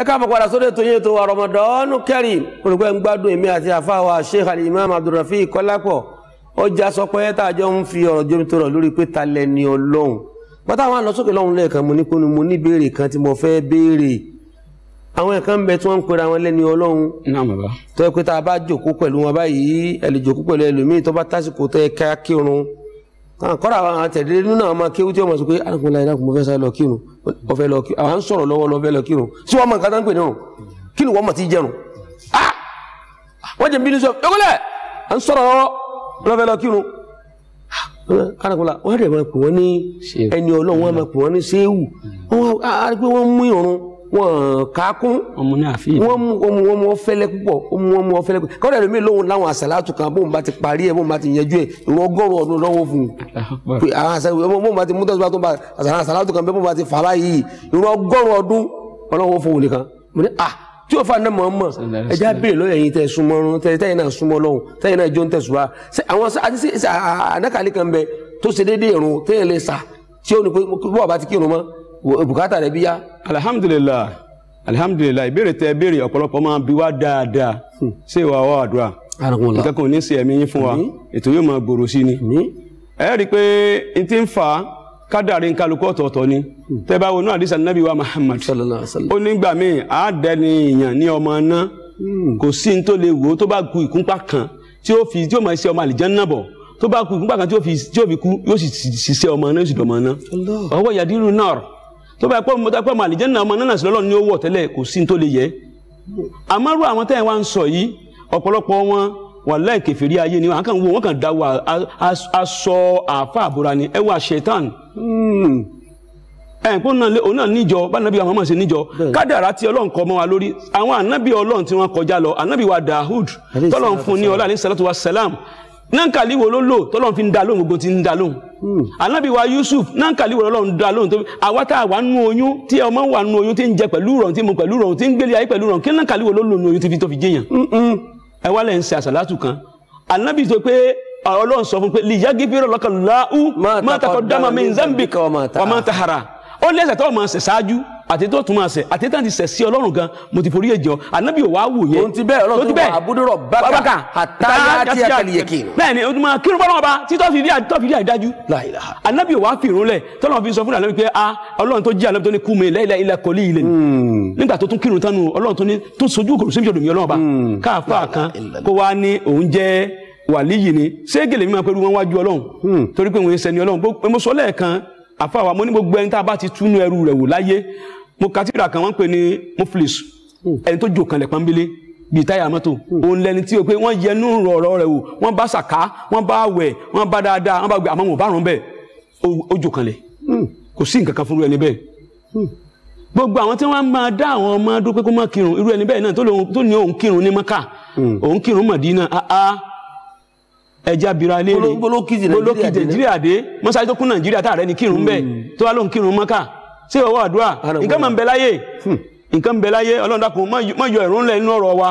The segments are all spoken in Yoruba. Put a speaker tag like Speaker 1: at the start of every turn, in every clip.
Speaker 1: ẹ káàmù padà sórí ètò yẹn tó wà Ramadan Kareem olùkọ́ ń gbádùn èmi àti àfáwà Sheikh Al-Imam Abdulrafi Kọ́lápọ̀ ọjà sọ pé tá a jọ ń fi ọ̀rọ̀ jómi tó rọ̀ lórí pé ta lẹ ni Ọlọ́run pátá àwọn àlọ́sókè lọ́hùn lẹ́ẹ̀kan mo ní kó ni mo ní béèrè kan tí mo fẹ́ béèrè àwọn ẹ̀kan bẹ tí wọ́n ń pera wọn lẹ́ni Ọlọ́run tó yẹ pé tá a bá jòkó pẹ̀lú wọn báyìí ẹ jòkó pẹ̀lú ẹlòmíì tó bá tásìkò tó yẹ ká kírun kọ́ra àwọn àtẹ̀lé nínú àwọn ọmọ kéwú tí wọ́n pé alákùnrin láyé lákùnrin mo fẹ́ sá lọ kírun ọfẹ lọ kí àwọn sọ̀rọ̀ lọ́wọ́ lọfẹ lọ kírun tí wọn mọ nǹkan tó ń pè nírun kí ni wọn mọ ti jẹrun a wọn jẹ bínú sọ ẹgbẹlẹ à ń sọ̀rọ̀ lọ́wọ́ lọfẹ lọ kírun kárakọlá wọn dẹ máa pè wọn ní ẹni Ọlọ́run wọn máa pè wọn ní séwù wọn á rí pé wọn mú ìrún wọn kakun wọn mú wọn mú ọfẹlẹ púpọ̀ wọn mú ọfẹlẹ púpọ̀ kọ́ńtà ẹ̀rọ mi lóhun láwọn àṣàlátù kan bóun bá ti parí ẹ̀ bóun bá ti yẹjú ẹ̀ ìwọ ọgọ́rùn ọdún lọ́wọ́ fún un pé àwọn àṣàlátù bóun bá ti mútọ́sí bá tó bá àṣàlátù kan bóun bá ti fà báyìí ìwọ ọgọ́rùn ọdún ọlọ́wọ́ fún un nìkan ah, tí o fa ne mọ̀ mọ̀ ẹja béèrè lọ́yẹ̀ yìí tẹ súnmọ́ ọ̀run tẹ tẹ́yìn náà súnmọ́ lọ́hùn tẹ́yìn náà jó ń tẹ̀sùwá àwọn àti ànákàlẹ́ kan bẹ tó ṣe déédéé ìrun tẹ́yìn lè sà
Speaker 2: tí ó ní pé bọ́ọ̀ bá ti kírun mọ́ bùkátà rẹ bí yá. alihamudulilayi alihamudulilayi ìbéèrè tẹ béèrè ọ̀pọ̀lọpọ̀ máa bí wá dáadáa hmm. ṣé ìwà wa àdúrà nǹkan kan ò ní ṣe ẹ̀mí yín fún wa ètò yóò máa gbòòrò sí ni. ẹ rí i pé n ti ń fa kádàrí nkálukú ọ̀tọ̀ọ̀tọ̀ ni hmm. tẹ́ bá wọnú àdìsá nàbí wa Muhammad ó nígbà míì àádẹ́ni èèyàn ní ọmọ náà hmm. kò sí ní tó lè wò ó tó bá ku ìkúnpá kan tí ó fi tí ó máa ṣe ọmọ àlìjánnà bọ̀ tó bá ku ìkúnpá kan tí ó fi kú yóò sì ṣiṣẹ́ ọmọ náà yóò sì dọ̀mọ náà ọwọ́ yadiru náà tó bá pẹ́ mo dápẹ́ mọ àlìjẹ́ náà ọmọ náà sì lọ́lọ́ ní owó ọ̀tẹ́lẹ̀ kò sí tó lè yẹ àmọ́rú àwọn tẹ́yìn wá ń sọ yìí ọ̀pọ̀lọpọ̀ wọn wàláhì kèfèrí ayé ni wọn kàn wọ wọn kàn da wọ aṣọ àfa àbúra ni ẹ wọ àṣetán ẹ̀ kó náà òun náà níjọ bá nàbí àwọn ọmọ ṣe níjọ kádàrá tí ọlọ́run kọ mọ́ wa lórí àwọn ànábì ọlọ́run tí wọ́n kọjá lọ ànábì wa Dahud tọ́lọ́run fún ní ọlá àlẹ́ sàlátù wa sàlám nankali wo ló lò tọ́lọ́n fi ń da lóhùn gbogbo ti ń da lóhùn hmm. anabi yusuf nankali wo lọ́lọ́run da lóhùn tó àwa tá a wà nù oyún tí ọmọ wà nù oyún tí ń jẹ pẹ̀lú rọrùn tí mo pẹ̀lú rọrùn tí ń gbélé ayé pẹ̀lú rọrùn kí nankali ló lò nù oyún tí fi tó fi jẹyàn. ẹ wá lẹ̀ ń ṣe àṣàlátù kan anabi sọ pé ọlọ́run sọ fún pé lìyá gífẹ́rọ̀ lọ́kàlùláhù máa takọ̀ dáma mi nzambi kọ́ máa tahara ó lẹ́sẹ̀ tó máa ṣẹ̀ ṣáájú àti tó tún máa ṣẹ̀ àti tó ti ṣẹ̀ sí Ọlọ́run gan mo ti forí èjì ọ ànábì ò wá wò yẹn. ohun ti bẹ́ẹ̀ Ọlọ́run tó wà abúdúrọ̀ bábàkà àtàyà àti àkàlìyèkè. bẹ́ẹ̀ni o tún máa kírun bọ́lá ọba tí tó fi rí àti fi rí àdájú. ànábì ò wá fi lẹ̀ tọ́lọ́run fi sọ fún ànábì pé a Ọlọ́run tó jí ànábì tó ní kú mi lẹ́yìn ilẹ̀ kọ́lí ilẹ̀ nígbà tó tún kírun tánu Ọlọ́run tó ní tó sojú hmm. ni ṣé gèlè mi máa pẹ́rú wọn wájú Ọlọ́run hmm. torí pé òun ẹsẹ̀ ni Ọlọ́run mo sọ lẹ́ẹ̀kan àfàwà mo ní gbogbo ẹni tá a bá ti túnú ẹrú rẹ̀ mo ka tíra kan wọ́n ń pè ní muflis hmm. ẹni tó jò kanlẹ̀ pọ́nbélé bíi táyà mọ́tò hmm. òun lẹni tí o pé wọ́n yẹnu rọ̀rọ̀ rẹ̀ wò wọ́n bá sàká wọ́n bá wẹ̀ wọ́n bá dáadáa wọ́n bá gbé àmọ́ wọn bá rún bẹ́ẹ̀ ó jò kanlẹ̀ hmm. kò sí nǹkan kan fún irú ẹni bẹ́ẹ̀ gbogbo àwọn tí wọ́n máa dá àwọn ọmọ dúpẹ́ kó má kírun irú ẹni bẹ́ẹ̀ náà tó ní òun kírun ní maka òun kírun mọ̀dínà áá ah, ah. ẹja bira léèrè gbólókìtì nàìjíríà dé mọ́sáájú tó kún nàìjíríà tá a rẹ ni kírun bẹ́ẹ̀ tó wá lóun kírun maka ṣé ọwọ́ àdúrà nǹkan máa ń bẹ láyé hmm. nǹkan ń bẹ láyé ọlọ́run dákun mọ̀ yọ ìrun lẹ̀ nínú ọ̀rọ̀ wa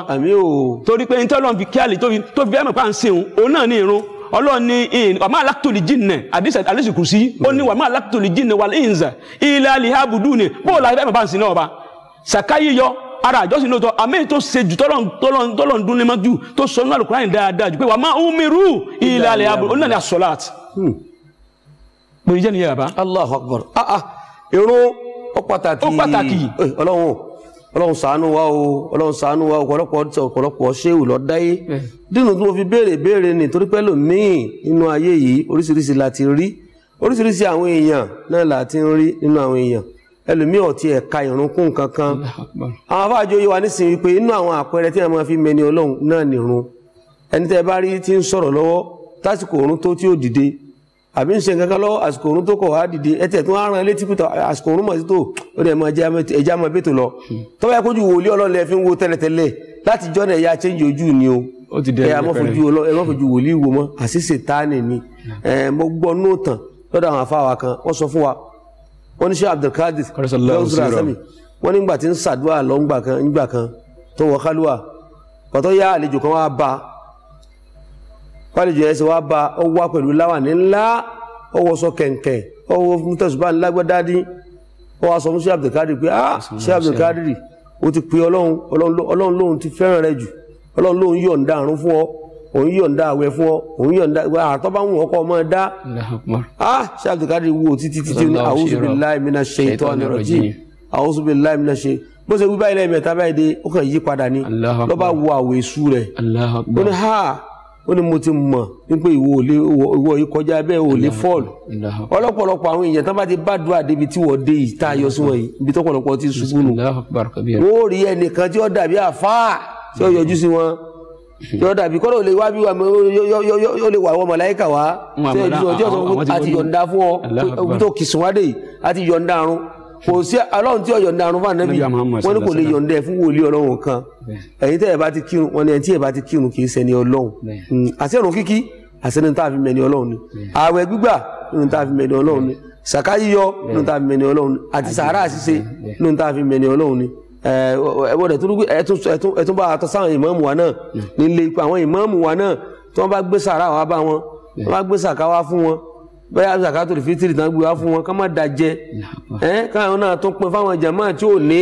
Speaker 2: torí pé nítorí ọlọ́run fi kí àlè tó fi tó fi ẹ̀mọ̀ pa à ń sìn òun náà ní ìrun ọlọ́run ní ìhìn wàmú alákùtòlì jìnnà àdìsẹ̀ àdìsẹ̀ kù sí ó ní hmm. wàmú alákùtòlì jìnnà wà ìhìnzà ilẹ̀ alihabudu ni bóòlù àti ẹ̀mọ̀ pa à ń sìn náà ọba sàkáyé ara àjọsìn lóòótọ́ àmì tó ṣe jù tọ́lọ̀ ń dún lé mọ́ jù tó sọ nínú àlùkùránì dáadáa jù pé wàmú umiru ilẹ̀ alihabudu ó náà ní asọ́láàtì. Hmm. pèrè jẹ́ nìyẹn bàbá. Allahu Akbar ah ah irun ó pàtàkì ó eh, ọlọ́run
Speaker 1: ọlọ́run ṣàánú wa o ọlọ́run ṣàánú wa ọ̀pọ̀lọpọ̀ ọ̀pọ̀lọpọ̀ ṣéwù lọ́dáyé dínú tí mo fi béèrè béèrè ni torí pẹ́ lòmíì nínú ayé yìí oríṣiríṣi la ti rí oríṣiríṣi àwọn èèyàn náà là ti ń rí nínú àwọn èèyàn ẹlòmíì ọ̀tí ẹ̀ka ìrúnkún kankan àwọn afáàjọ yìí wà nísìnyí wípé inú àwọn àpẹẹrẹ tí a máa fi mẹni ọlọ́run náà nìrun ẹni tẹ́ bá rí tí ń sọ̀rọ̀ lọ́wọ́ tásìkò òórùn tó tí ó dìde àbí ń ṣe nǹkan kan lọ́wọ́ àsìkò òrùn tó kọ̀ wá dìde ẹtẹ̀ tó ń rán létí pìtọ̀ àsìkò òrùn mọ̀ sí tò ó dẹ̀ mọ ẹja mọ bẹ́tò lọ tó bá yẹ kójú wòlíì Ọlọ́run lẹ fi ń wo tẹ́lẹ̀tẹ́lẹ̀ láti jọ́nà ẹ̀yà change ojú ni o ẹ amọ́fojú wòlíì wo mọ́ àṣìṣe tánì ni mo gbọ́ nóòtàn lọ́dọ̀ àwọn afáwa kan wọ́n sọ fún wa wọ́n ní Sheikh Abdulkadir wọ́n nígbà tí ń ṣàdúrà lọ́ngbà kan nígbà kan tó wọ kálúwà pàtó yá àlejò kan wá bá pálíjù ẹ̀ sì wá bá ọ wá pẹ̀lú láwàní ńlá ọ wọṣọ kẹ̀ǹkẹ̀ ọ wọ mutẹ̀sùbá ńlá gbẹ́dádí ọ wá sọ fún ṣé abdulkadir pé ah ṣé abdulkadir o ti pe ọlọ́run ọlọ́run lóun ti fẹ́ràn rẹ jù ọlọ́run lóun yọ̀ǹda àrùn fún ọ òun yọ̀ǹda àwẹ̀ fún ọ òun yọ̀ǹda àtọ́ bá wọn ọkọ ọmọ dá ah ṣé abdulkadir wo títí títí ní a'udhu billahi minash ó ní mo ti mọ̀ wípé ìwọ ò lè ìwọ yìí kọjá bẹ́ẹ̀ ò lè fọ́ọ̀lù ọlọ́pọ̀lọpọ̀ àwọn èèyàn tó bá ti bá dùn àdébi tí wọ́n dé yìí tá a yọ sí wọn yìí ibi tọ́pọ̀lọpọ̀ ti ṣubú nù wọ́n ò rí ẹnìkan tí ó dàbí àfáà tí ó yọjú sí wọn tí ó dàbí kọ́ ló lè wá bí wà ó lè wà wọ́n mọ̀láyíkà wá tí ó yọjú sí wọn tí ó sọ fún àti yọ̀ǹda fún ọ tó kìsùn wá dé yìí àti yọ̀ǹda àrùn kò sí ọlọ́run tí ọ̀yọ̀ darun fún ànábì wọn ní kò lè yọ̀ǹda ẹ̀ fún wòlíì ọlọ́run kan ẹ̀yin tẹ́ ẹ̀ bá ti kírun wọn ni ẹ̀ tí ẹ̀ bá ti kírun kì í ṣẹni ọlọ́run hmm, àṣẹ ìrun kíkí àṣẹ ní tá a fi mẹ́ni ọlọ́run ni ààwẹ̀ gbígbà ní tá a fi mẹ́ni ọlọ́run ni sàká yíyọ ní tá a fi mẹ́ni ọlọ́run ni àti sàárà ṣíṣe ní tá a fi mẹ́ni ọlọ́run ni ẹ̀wọ̀dẹ̀ ẹ̀tún bá àtọ́ sáwọn ìmáàmù wa náà hmm. nílé ipò àwọn ìmáàmù wa náà tí wọ́n bá gbé sàárà wa bá wọn hmm. wọ́n bá gbé sàká wa fún bẹ́ẹ̀ zakatul fitiri tán gbé wá fún wọn ká má da jẹ ẹ́ káwọn náà tún pin fáwọn jàmáà tí ò ní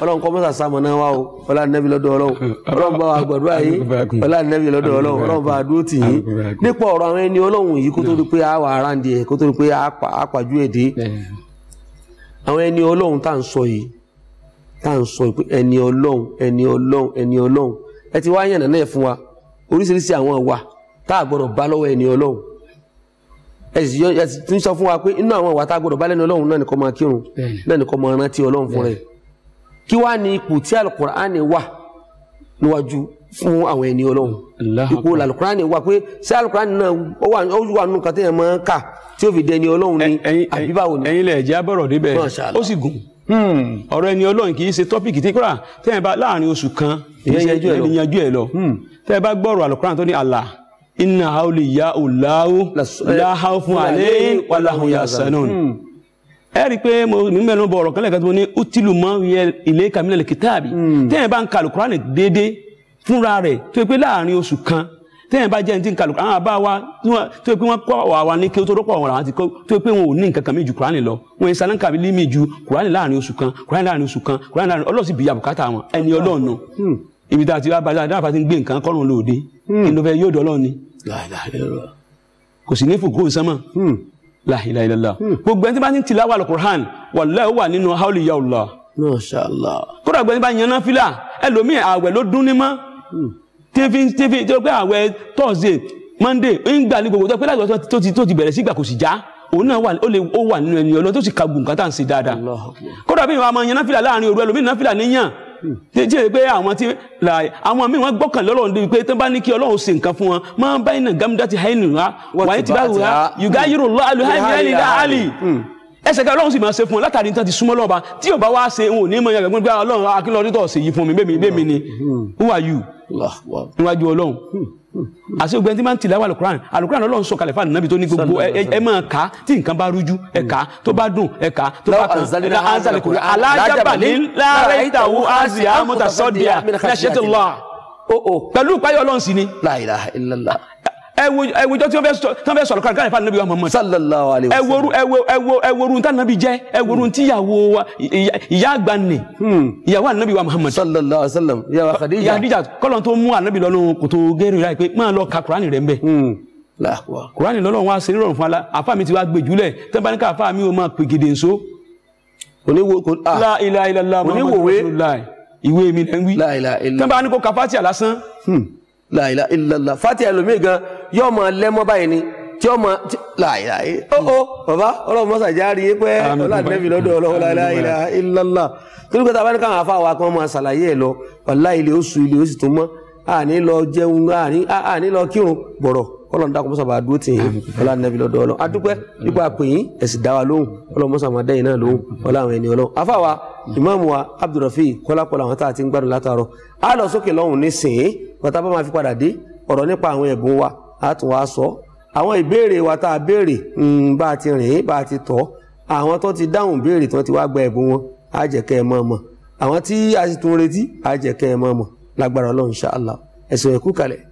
Speaker 1: ọlọ́run kọ́ mọ́sà sámọ̀ náà wá o ọlá nẹ́bí lọ́dọ̀ ọlọ́run ọlọ́run bá wa gbàdúrà yìí ọlá nẹ́bí lọ́dọ̀ ọlọ́run ọlọ́run bá dúró tì yín nípa ọ̀rọ̀ àwọn ẹni ọlọ́run yìí kó tó di pé a wà aráǹdì ẹ̀ kó tó di pé a pàjú èdè àwọn ẹni ọlọ́run tá à ń sọ yìí tá à ń sọ pé ẹni ọlọ́run ẹni ọlọ́run ẹni ọlọ́run ẹ ti wá yànnà náà fún wa oríṣiríṣi àwọn ìwà tá à gbọ́dọ̀ bá lọ́wọ́ ẹni ọlọ́run ẹ sì tún sọ fún wa pé inú àwọn ìwà tá a gbọdọ̀ bá lẹ́nu ọlọ́run náà nìkan máa kírun náà nìkan máa rántí ọlọ́run fún rẹ̀ kí wàá ní ipò tí alukur'ani wà níwájú fún àwọn ẹni ọlọ́run ipò alukur'ani wà pé ṣé alukur'ani náà ó wà nínú kan téèyàn máa ń kà tí ó fi dẹni ọlọ́run
Speaker 2: ní àbí báwo ni. ẹ̀yin lẹ jẹ́ abọ́rọ̀ débẹ̀ ó sì gùn hmm. ọ̀rọ̀ ẹni ọlọ́run kì í ṣe tọ́pìkì tí bá láàrin oṣù kan ìyẹn ẹ̀ lọ hmm. tẹ́yìn bá gbọ́rọ̀ alukur'ani tó ní Allah inna hauli ya ulawu láhàá fún alẹ́ wàláhùn yasanun ẹ rí i pé mo mi mẹ́rin bọ̀ ọ̀rọ̀ kan lẹ́ẹ̀kan tó ní utilu mọ́ yẹ ilé kamilẹ̀ lè kitabi hmm. tẹ́yìn bá ń ka alukurani dédé fúnra rẹ̀ tó yẹ pé láàrin oṣù kan tẹ́yìn bá jẹ́ ti ń ka alukurani àwọn àbá wa tó yẹ pé wọ́n kọ́ wà ní kí ó tó dọ́pọ̀ àwọn àwọn àti tó yẹ pé wọn ò ní nǹkan kan mi ju kurani lọ wọn ìsàlẹ̀ ń kàbí límì ju kurani láàrin oṣù kan kurani láàrin oṣù kan kurani láàrin ọlọ́sì bìyà bùkátà wọn ẹni ọlọ́ọ̀nù hmm. hmm. ibi tá a ti wá bá a dáhà láìláìlọ́lá kò sì ní fògó ìsánmọ́ hmm. láìláìlọ́lá hmm. gbogbo ẹni tí bá ní tìláwà alukur'an wàlá ó wà nínú haúlì yà ọ̀la. mọ́ṣálá. kódà gbẹ́ni bá yan náfìlà ẹlòmíì àwẹ̀ ló dún ní mọ́ tífín hmm. tífín tí ó pé àwẹ̀ tọ́sídẹ̀ mọ́ndé ń gbà ní gbogbo tó pé láti ọjọ́ tó ti bẹ̀rẹ̀ sí ìgbà kò sì já òun náà wà ó lè ó wà nínú ẹni ọlọ́ tó sì ka gùn kátà ń ṣe dáadáa kódà bí ìwà máa yan náfìlà láàrin òru ẹlòmíì tí jẹ́ pé àwọn tí àwọn míì wọ́n gbọ́kàn lọ́lọ́run débi pé tó bá ní kí ọlọ́run ṣe nǹkan fún wọn máa ń báyìí gámúdá ti háìnì wá wàá ti bá wà yùgá yìí rò lọ́ alùháìmí ẹsẹ̀ ká ọlọ́run sì máa ṣe fún wọn látàrí nítorí súnmọ́ lọ́ba tí yóò wá ṣe òun ò ní mọ̀ yàgbẹ́ gbọ́dọ̀ ọlọ́run akínlọ́dún tó ṣe yìí fún mi bẹ́ẹ̀ mi ni mm-hmm. who are you níwájú ọlọ́run àti ògbẹ́ni tí máa ń tìlẹ̀ àwọn alukuran alukuran ọlọ́run sọ kalẹ̀ fún ànábì tó ní gbogbo ẹ máa kà á tí nǹkan bá rújú ẹ kà á tó bá dùn ẹ kà á tó bá kàn ẹ náà anzali kò alájábàlẹ̀ láàrẹ̀ ìtàwọ̀ azia mutasọ́díà ní aṣẹ́tò lọ́à pẹ̀lú ìpáyọ̀ ọlọ́run sì ni. la ilaha illallah ẹwùjọ tí wọ́n fẹ́ sọ̀rọ̀ kárìkárì fún anabi hmm. wa muhammad sallallahu alayhi wa sallam ẹwùrú ẹwùrú ntá anabi jẹ ẹwùrú ntí ìyàwó ìyá àgbà nì ìyàwó anabi wa muhammad sallallahu alayhi wa sallam ìyàwó khadija ìyàwó khadija kọ́lọ̀ tó mú anabi lọ́nu kòtò gẹ́rù rà pé máa lọ ka kurani rẹ̀ ń bẹ̀ hmm. kurani lọ́lọ́ wọn aṣèré rọrùn fún ala àfa mi ti wá gbé jùlẹ̀ tẹ́nbà ní ká àfa mi ò máa pè gèdè nso. Ah. oníwòwe ìwé mi lẹ́ ń wí tẹ́nbà ní kò kàfáàtì láìlá ìlàlá
Speaker 1: fati ẹlòmíì gan yóò máa lẹ́mọ́ báyìí ni tí ó máa láìlá ó ó bàbá ọlọ́run mọ́sá já rí pé ọlọ́dẹ́bí lọ́dọ̀ ọlọ́run láìlá ìlàlá torí pé tábà ní káwọn afá wa kan máa ṣàlàyé ẹ̀ lọ wàlá ilé oṣù ilé oṣù tó mọ́ àní lọ jẹun àní lọ kírun bọ̀rọ̀ ọlọ́run dàkú mọ́sàbà dúró tì yín ọlá nàbí lọ́dọ̀ ọlọ́run adúpẹ́ nípa àpèyìn ẹ̀sìn dáwà lóhùn ọlọ́run mọ́sàmá dẹ́yìn náà lóhùn ọlá àwọn ẹni ọlọ́run afáwa ìmáàmù wa Abdulrafi kọ́lákọ́lá àwọn tá a ti ń gbádùn látàárọ̀ á lọ sókè lọ́hùn nísìnyí pátá bá máa fi padà dé ọ̀rọ̀ nípa àwọn ẹ̀bùn wa á tún wá sọ àwọn ìbéèrè wa tá a béèrè hmm, bá a ti rìn bá a ti tọ́ àwọn tó ti dáhùn béèrè tí wọ́n ti wá gba ẹ̀bùn wọn á jẹ́ kẹ́ ẹ mọ̀ mọ̀ àwọn tí a sì tún retí á jẹ́ kẹ́ ẹ mọ̀ mọ̀ lágbára ọlọ́run insha ẹ̀sìn ẹ̀kú kalẹ̀